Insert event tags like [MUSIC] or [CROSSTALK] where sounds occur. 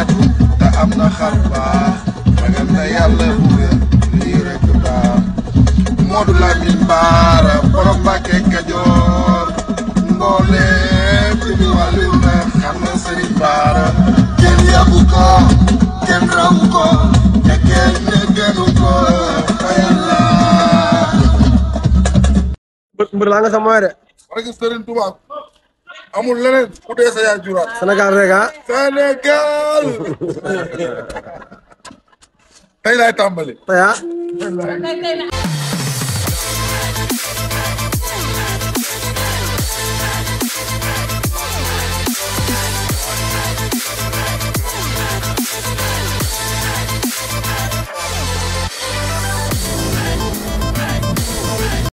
yàpp te am na xar baax ragal rek Modou borom ci na xam ko ko te ko amul leneen ku dee sa yaay juraat. Sénégal rek ah. Sénégal. [LAUGHS] tey laay tàmbali. tey ah.